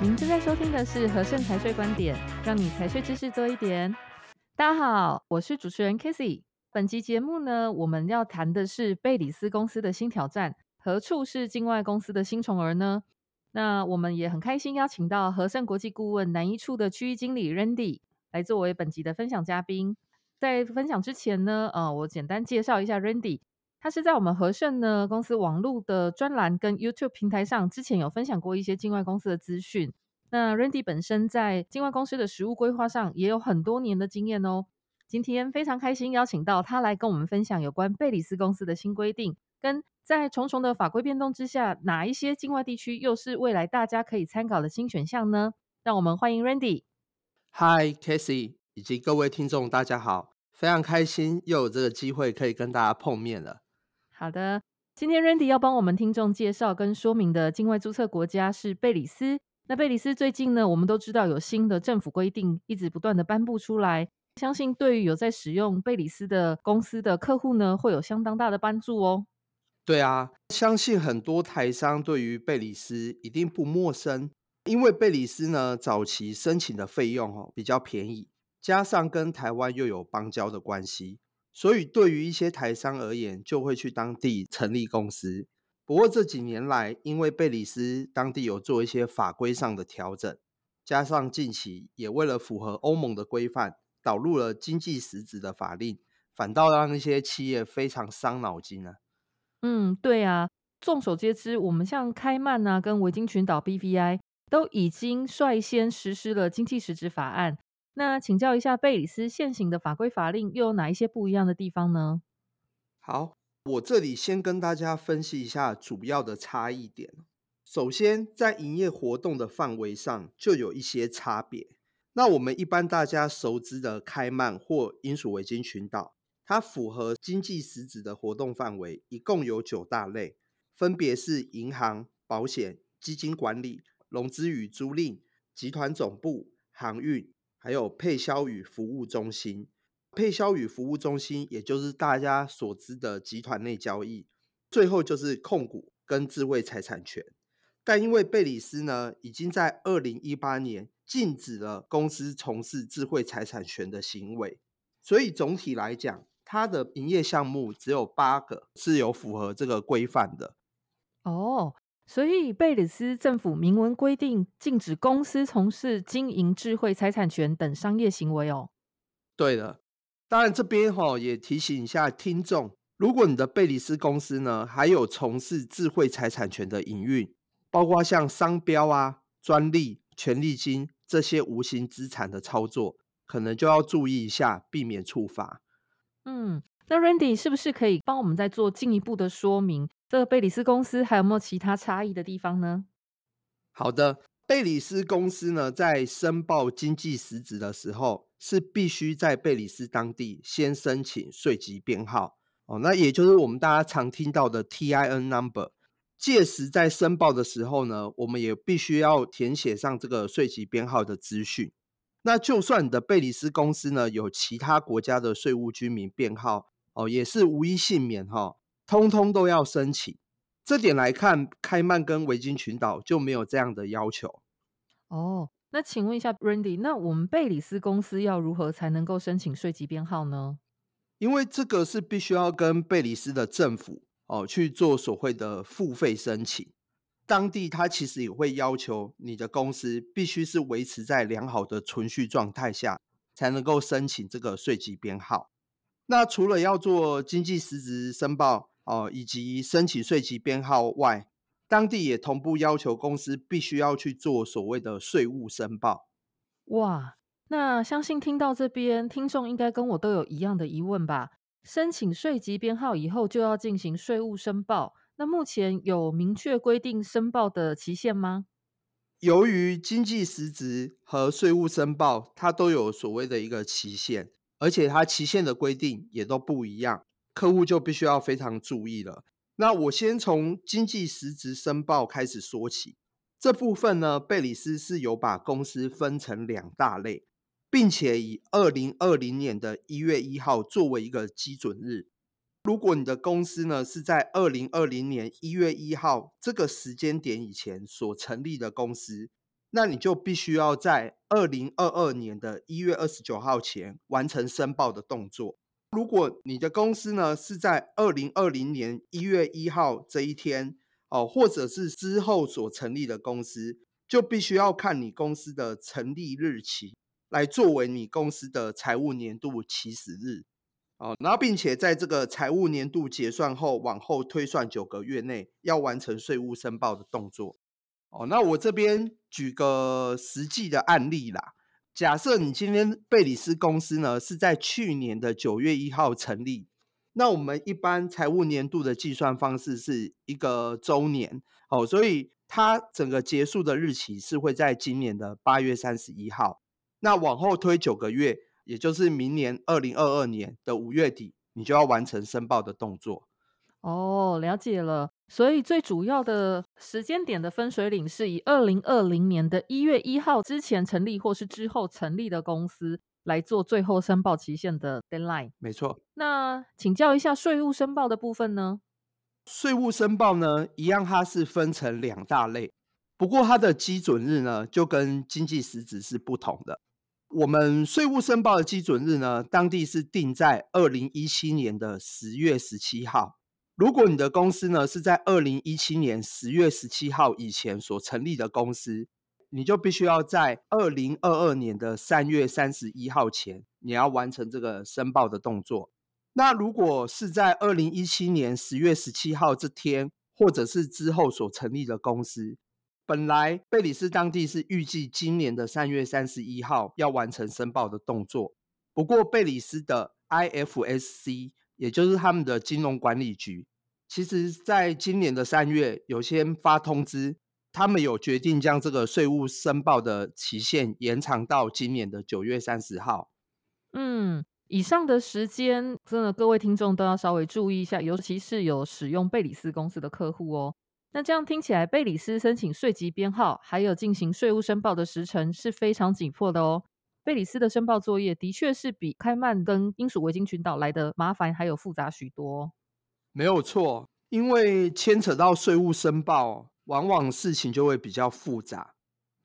您正在收聽的是荷盛財稅觀點，讓你財稅知識多一點。大家好，我是主持人 Kissy。本集節目呢，我們要談的是貝里斯公司的新挑戰，何處是境外公司的新寵兒呢？那我們也很開心邀請到荷盛國際顧問南一處的區域經理 Randy 來作為本集的分享嘉賓。在分享之前呢，呃，我簡單介紹一下 Randy。他是在我們荷盛呢公司網絡的專欄跟 YouTube 平台上之前有分享過一些境外公司的資訊。那 Randy 本身在境外公司的實務規劃上也有很多年的經驗哦。今天非常開心邀請到他來跟我們分享有關貝里斯公司的新規定，跟在重重的法規變動之下，哪一些境外地區又是未來大家可以參考的新選項呢？讓我們歡迎 Randy。Hi，Casey 以及各位聽眾，大家好，非常開心又有這個機會可以跟大家碰面了。好的，今天 Randy 要幫我們聽眾介紹跟說明的境外注冊國家是貝里斯。那貝里斯最近呢，我們都知道有新的政府規定，一直不斷地頒布出來，相信對於有在使用貝里斯的公司的客戶呢，會有相當大的幫助哦。對啊，相信很多台商對於貝里斯一定不陌生，因為貝里斯呢，早期申請的費用哦，比較便宜，加上跟台灣又有邦交的關係。所以，對於一些台商而言，就會去當地成立公司。不過，這幾年來，因為貝里斯當地有做一些法規上的調整，加上近期也為了符合歐盟的規範，導入了經濟實質的法令，反倒讓一些企業非常傷腦筋呢。啊，嗯，對啊，眾所皆知，我們像開曼啊、跟維京群島 （BVI） 都已經率先實施了經濟實質法案。那請教一下，貝里斯現行的法規法令又有哪一些不一樣的地方呢？好，我這裡先跟大家分析一下主要的差異點。首先，在營業活動的範圍上就有一些差別。那我們一般大家熟知的開曼或英屬維京群島，它符合經濟實質的活動範圍，一共有九大類，分別是銀行、保險、基金管理、融資與租賃、集團總部、航運。還有配銷與服務中心，配銷與服務中心，也就是大家所知的集團內交易。最後就是控股跟智慧財產權，但因為貝里斯呢，已經在二零一八年禁止了公司從事智慧財產權的行為，所以總體來講，它的營業項目只有八個是有符合這個規範的。哦。Oh. 所以，貝里斯政府明文規定禁止公司從事經營智慧財產權等商業行為哦。對的，當然這邊哈、哦、也提醒一下聽眾：如果你的貝里斯公司呢，還有從事智慧財產權的營運，包括像商標啊、專利、權利金這些無形資產的操作，可能就要注意一下，避免處罰。嗯，那 Randy 是不是可以幫我們再做進一步的說明？這個貝里斯公司還有沒有其他差異的地方呢？好的，貝里斯公司呢，在申報經濟實質的時候，是必須在貝里斯當地先申請稅籍編號哦，那也就是我們大家常聽到的 TIN number。屆時在申報的時候呢，我們也必須要填寫上這個稅籍編號的資訊。那就算你的貝里斯公司呢，有其他國家的稅務居民編號哦，也是無一幸免哈、哦。通通都要申請，這點來看，開曼跟維京群島就沒有這樣的要求。哦，oh, 那請問一下 Randy，那我們貝里斯公司要如何才能夠申請稅籍編號呢？因為這個是必須要跟貝里斯的政府哦去做所謂的付費申請，當地它其實也會要求你的公司必須是維持在良好的存續狀態下才能夠申請這個稅籍編號。那除了要做經濟實質申報。哦，以及申請稅籍編號外，當地也同步要求公司必須要去做所謂的稅務申報。哇，那相信聽到這邊，聽眾應該跟我都有一樣的疑問吧？申請稅籍編號以後就要進行稅務申報，那目前有明確規定申報的期限嗎？由於經濟實質和稅務申報，它都有所謂的一個期限，而且它期限的規定也都不一樣。客戶就必須要非常注意了。那我先從經濟實質申報開始說起。這部分呢，貝里斯是有把公司分成兩大類，並且以二零二零年的一月一號作為一個基準日。如果你的公司呢，是在二零二零年一月一號這個時間點以前所成立的公司，那你就必須要在二零二二年的一月二十九號前完成申報的動作。如果你的公司呢，是在二零二零年一月一號這一天哦，或者是之後所成立的公司，就必須要看你公司的成立日期來作為你公司的財務年度起始日哦，然後並且在這個財務年度結算後往後推算九個月內要完成稅務申報的動作哦。那我這邊舉個實際的案例啦。假設你今天貝里斯公司呢是在去年的九月一號成立，那我們一般財務年度的計算方式是一個周年，好，哦，所以它整個結束的日期是會在今年的八月三十一號，那往後推九個月，也就是明年二零二二年的五月底，你就要完成申報的動作。哦，了解了。所以最主要的時間點的分水嶺是以二零二零年的一月一號之前成立或是之後成立的公司來做最後申報期限的 deadline。沒錯。那請教一下稅務申報的部分呢？稅務申報呢，一樣它是分成兩大類，不過它的基準日呢就跟經濟實質是不同的。我們稅務申報的基準日呢，當地是定在二零一七年的十月十七號。如果你的公司呢是在二零一七年十月十七號以前所成立的公司，你就必須要在二零二二年的三月三十一號前，你要完成這個申報的動作。那如果是在二零一七年十月十七號這天或者是之後所成立的公司，本來貝里斯當地是預計今年的三月三十一號要完成申報的動作，不過貝里斯的 IFSC。也就是他們的金融管理局，其實在今年的三月，有先發通知，他們有決定將這個稅務申報的期限延長到今年的九月三十號。嗯，以上的時間，真的各位聽眾都要稍微注意一下，尤其是有使用貝里斯公司的客戶哦。那這樣聽起來，貝里斯申請稅籍編號還有進行稅務申報的時程是非常緊迫的哦。貝里斯的申報作業的確是比開曼跟英屬維京群島來的麻煩，還有複雜許多。沒有錯，因為牽扯到稅務申報，往往事情就會比較複雜。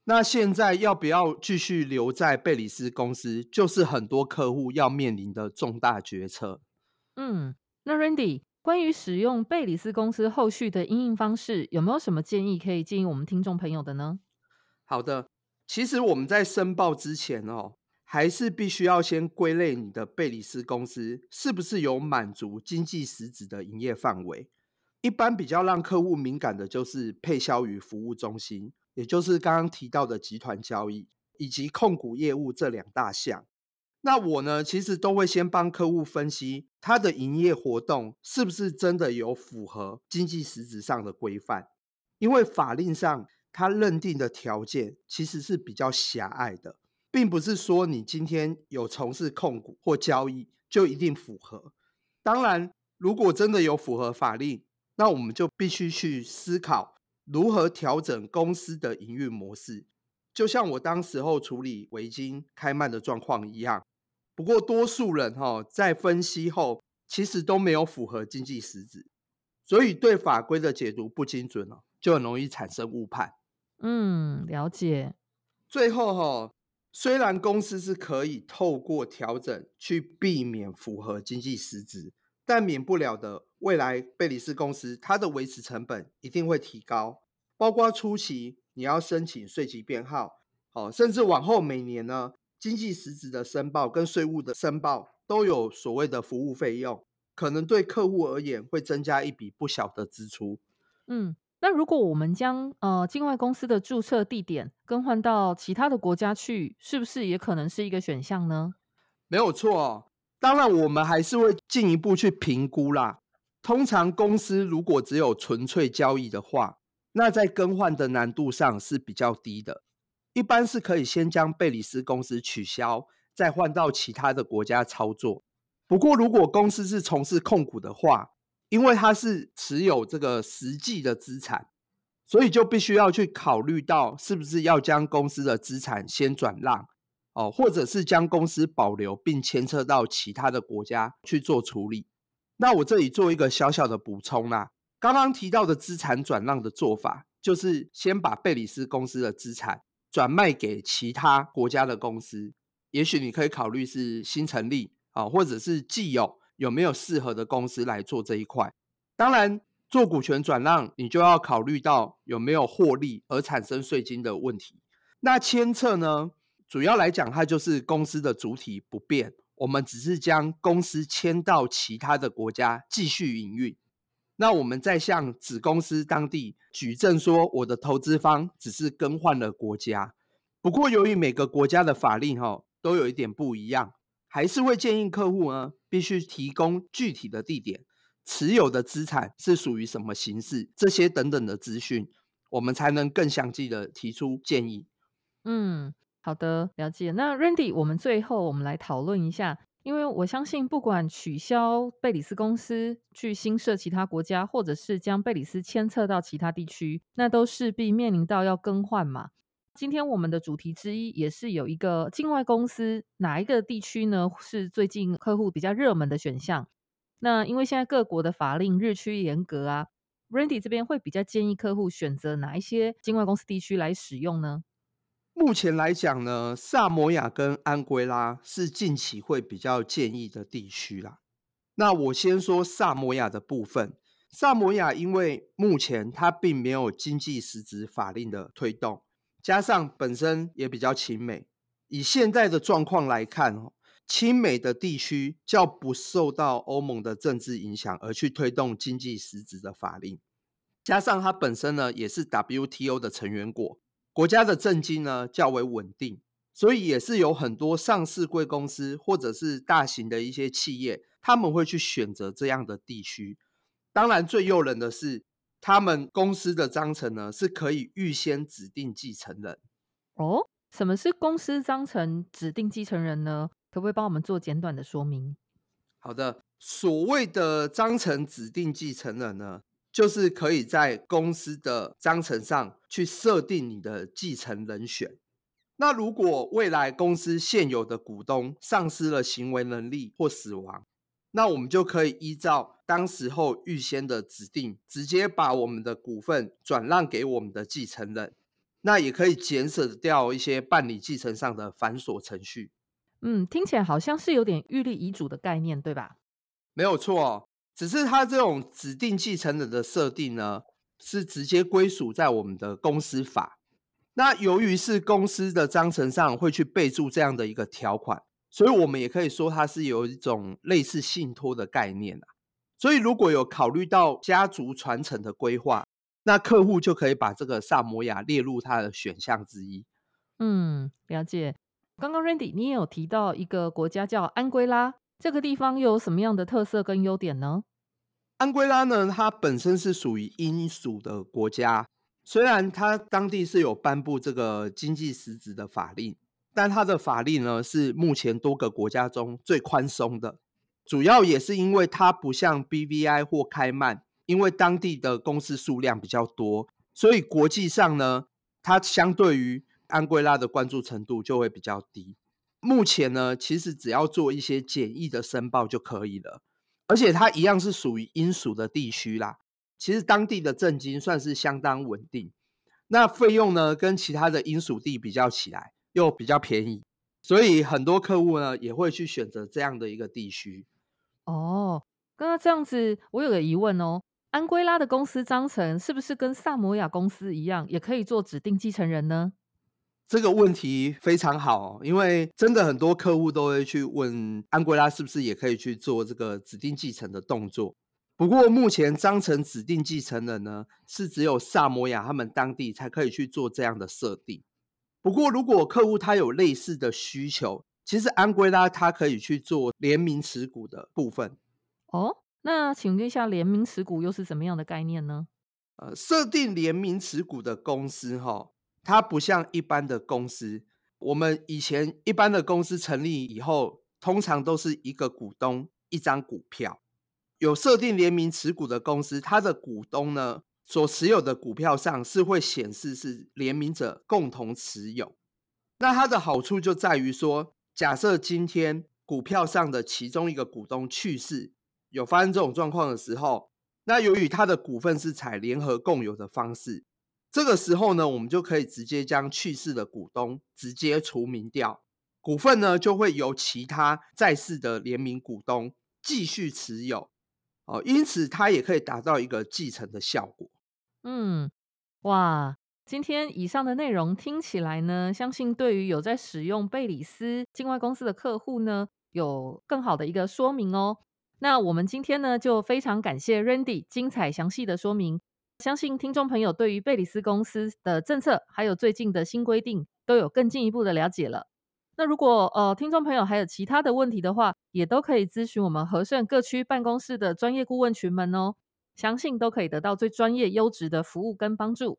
那現在要不要繼續留在貝里斯公司，就是很多客戶要面臨的重大決策。嗯，那 Randy，關於使用貝里斯公司後續的因應方式，有沒有什麼建議可以建議我們聽眾朋友的呢？好的。其實我們在申報之前哦，還是必須要先歸類你的貝里斯公司是不是有滿足經濟實質的營業範圍。一般比較讓客戶敏感的就是配銷與服務中心，也就是剛剛提到的集團交易以及控股業務這兩大項。那我呢，其實都會先幫客戶分析他的營業活動是不是真的有符合經濟實質上的規範，因為法令上。他認定的條件其實是比較狹隘的，並不是說你今天有從事控股或交易就一定符合。當然，如果真的有符合法令，那我們就必須去思考如何調整公司的營運模式，就像我當時候處理維京開曼的狀況一樣。不過，多數人哈、哦、在分析後，其實都沒有符合經濟實質，所以對法規的解讀不精準、哦、就很容易產生誤判。嗯，了解。最後哈、哦，雖然公司是可以透過調整去避免符合經濟實質，但免不了的，未來貝里斯公司它的維持成本一定會提高，包括初期你要申請稅籍編號，哦，甚至往後每年呢，經濟實質的申報跟稅務的申報都有所謂的服務費用，可能對客戶而言會增加一筆不小的支出。嗯。那如果我們將呃境外公司的註冊地點更換到其他的國家去，是不是也可能是一個選項呢？沒有錯，當然我們還是會進一步去評估啦。通常公司如果只有純粹交易的話，那在更換的難度上是比較低的，一般是可以先將貝里斯公司取消，再換到其他的國家操作。不過如果公司是從事控股的話，因為它是持有這個實際的資產，所以就必須要去考慮到是不是要將公司的資產先轉讓哦，或者是將公司保留並牽涉到其他的國家去做處理。那我這裡做一個小小的補充啦、啊，剛剛提到的資產轉讓的做法，就是先把貝里斯公司的資產轉賣給其他國家的公司，也許你可以考慮是新成立啊，或者是既有。有沒有適合的公司來做這一塊？當然，做股權轉讓，你就要考慮到有沒有獲利而產生稅金的問題。那牽涉呢，主要來講，它就是公司的主體不變，我們只是將公司遷到其他的國家繼續營運。那我們再向子公司當地舉證說，我的投資方只是更換了國家。不過，由於每個國家的法令哈，都有一點不一樣。還是會建議客戶呢，必須提供具體的地點、持有的資產是屬於什麼形式，這些等等的資訊，我們才能更詳細的提出建議。嗯，好的，了解。那 Randy，我們最後我們來討論一下，因為我相信不管取消貝里斯公司去新設其他國家，或者是將貝里斯遷冊到其他地區，那都勢必面臨到要更換嘛。今天我們的主題之一也是有一個境外公司，哪一個地區呢？是最近客戶比較熱門的選項。那因為現在各國的法令日趨嚴格啊，Randy 這邊會比較建議客戶選擇哪一些境外公司地區來使用呢？目前來講呢，薩摩亞跟安圭拉是近期會比較建議的地區啦。那我先說薩摩亞的部分，薩摩亞因為目前它並沒有經濟實質法令的推動。加上本身也比較親美，以現在的狀況來看，哦，親美的地區較不受到歐盟的政治影響，而去推動經濟實質的法令。加上它本身呢，也是 WTO 的成員國，國家的政經呢較為穩定，所以也是有很多上市櫃公司或者是大型的一些企業，他們會去選擇這樣的地區。當然，最誘人的是，他們公司的章程呢，是可以預先指定繼承人。哦，什麼是公司章程指定繼承人呢？可不可以幫我們做簡短的說明？好的，所謂的章程指定繼承人呢，就是可以在公司的章程上去設定你的繼承人選。那如果未來公司現有的股東喪失了行為能力或死亡，那我們就可以依照，當時候預先的指定，直接把我們的股份轉讓給我們的繼承人，那也可以減省掉一些辦理繼承上的繁瑣程序。嗯，聽起來好像是有點預立遺囑的概念，對吧？沒有錯，只是它這種指定繼承人的設定呢，是直接歸屬在我們的公司法。那由於是公司的章程上會去備註這樣的一個條款，所以我們也可以說它是有一種類似信託的概念啊。所以，如果有考慮到家族傳承的規劃，那客戶就可以把這個薩摩亞列入他的選項之一。嗯，了解。剛剛 Randy 你也有提到一個國家叫安圭拉，這個地方又有什麼樣的特色跟優點呢？安圭拉呢，它本身是屬於英屬的國家，雖然它當地是有頒布這個經濟實質的法令，但它的法令呢，是目前多個國家中最寬鬆的。主要也是因為它不像 BVI 或開曼，因為當地的公司數量比較多，所以國際上呢，它相對於安圭拉的關注程度就會比較低。目前呢，其實只要做一些簡易的申報就可以了，而且它一樣是屬於英屬的地區啦。其實當地的政經算是相當穩定，那費用呢，跟其他的英屬地比較起來又比較便宜，所以很多客戶呢也會去選擇這樣的一個地區。哦，那剛剛這樣子，我有個疑問哦，安圭拉的公司章程是不是跟薩摩亞公司一樣，也可以做指定繼承人呢？這個問題非常好，因為真的很多客戶都會去問安圭拉是不是也可以去做這個指定繼承的動作。不過目前章程指定繼承人呢，是只有薩摩亞他們當地才可以去做這樣的設定。不過如果客戶他有類似的需求，其實安圭拉，它可以去做聯名持股的部分。哦，那請問一下，聯名持股又是什麼樣的概念呢？呃，設定聯名持股的公司，哦，哈，它不像一般的公司。我們以前一般的公司成立以後，通常都是一個股東，一張股票。有設定聯名持股的公司，它的股東呢，所持有的股票上是會顯示是聯名者共同持有。那它的好處就在於說，假設今天股票上的其中一個股東去世，有發生這種狀況的時候，那由於他的股份是採聯合共有的方式，這個時候呢，我們就可以直接將去世的股東直接除名掉，股份呢就會由其他在世的聯名股東繼續持有，哦，因此它也可以達到一個繼承的效果。嗯，哇。今天以上的內容聽起來呢，相信對於有在使用貝里斯境外公司的客戶呢，有更好的一個說明哦。那我們今天呢，就非常感謝 Randy 精彩詳細的說明，相信聽眾朋友對於貝里斯公司的政策還有最近的新規定都有更進一步的了解了。那如果呃聽眾朋友還有其他的問題的話，也都可以諮詢我們荷盛各區辦公室的專業顧問群們哦，相信都可以得到最專業優質的服務跟幫助。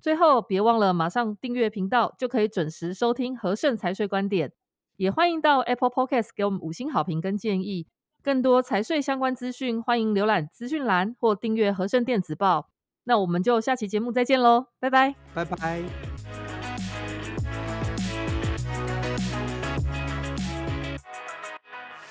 最後，別忘了馬上訂閱頻道，就可以準時收聽荷盛財稅觀點。也歡迎到 Apple Podcast 給我們五星好評跟建議。更多財稅相關資訊，歡迎瀏覽資訊欄或訂閱荷盛電子報。那我們就下期節目再見嘍，拜拜，拜拜。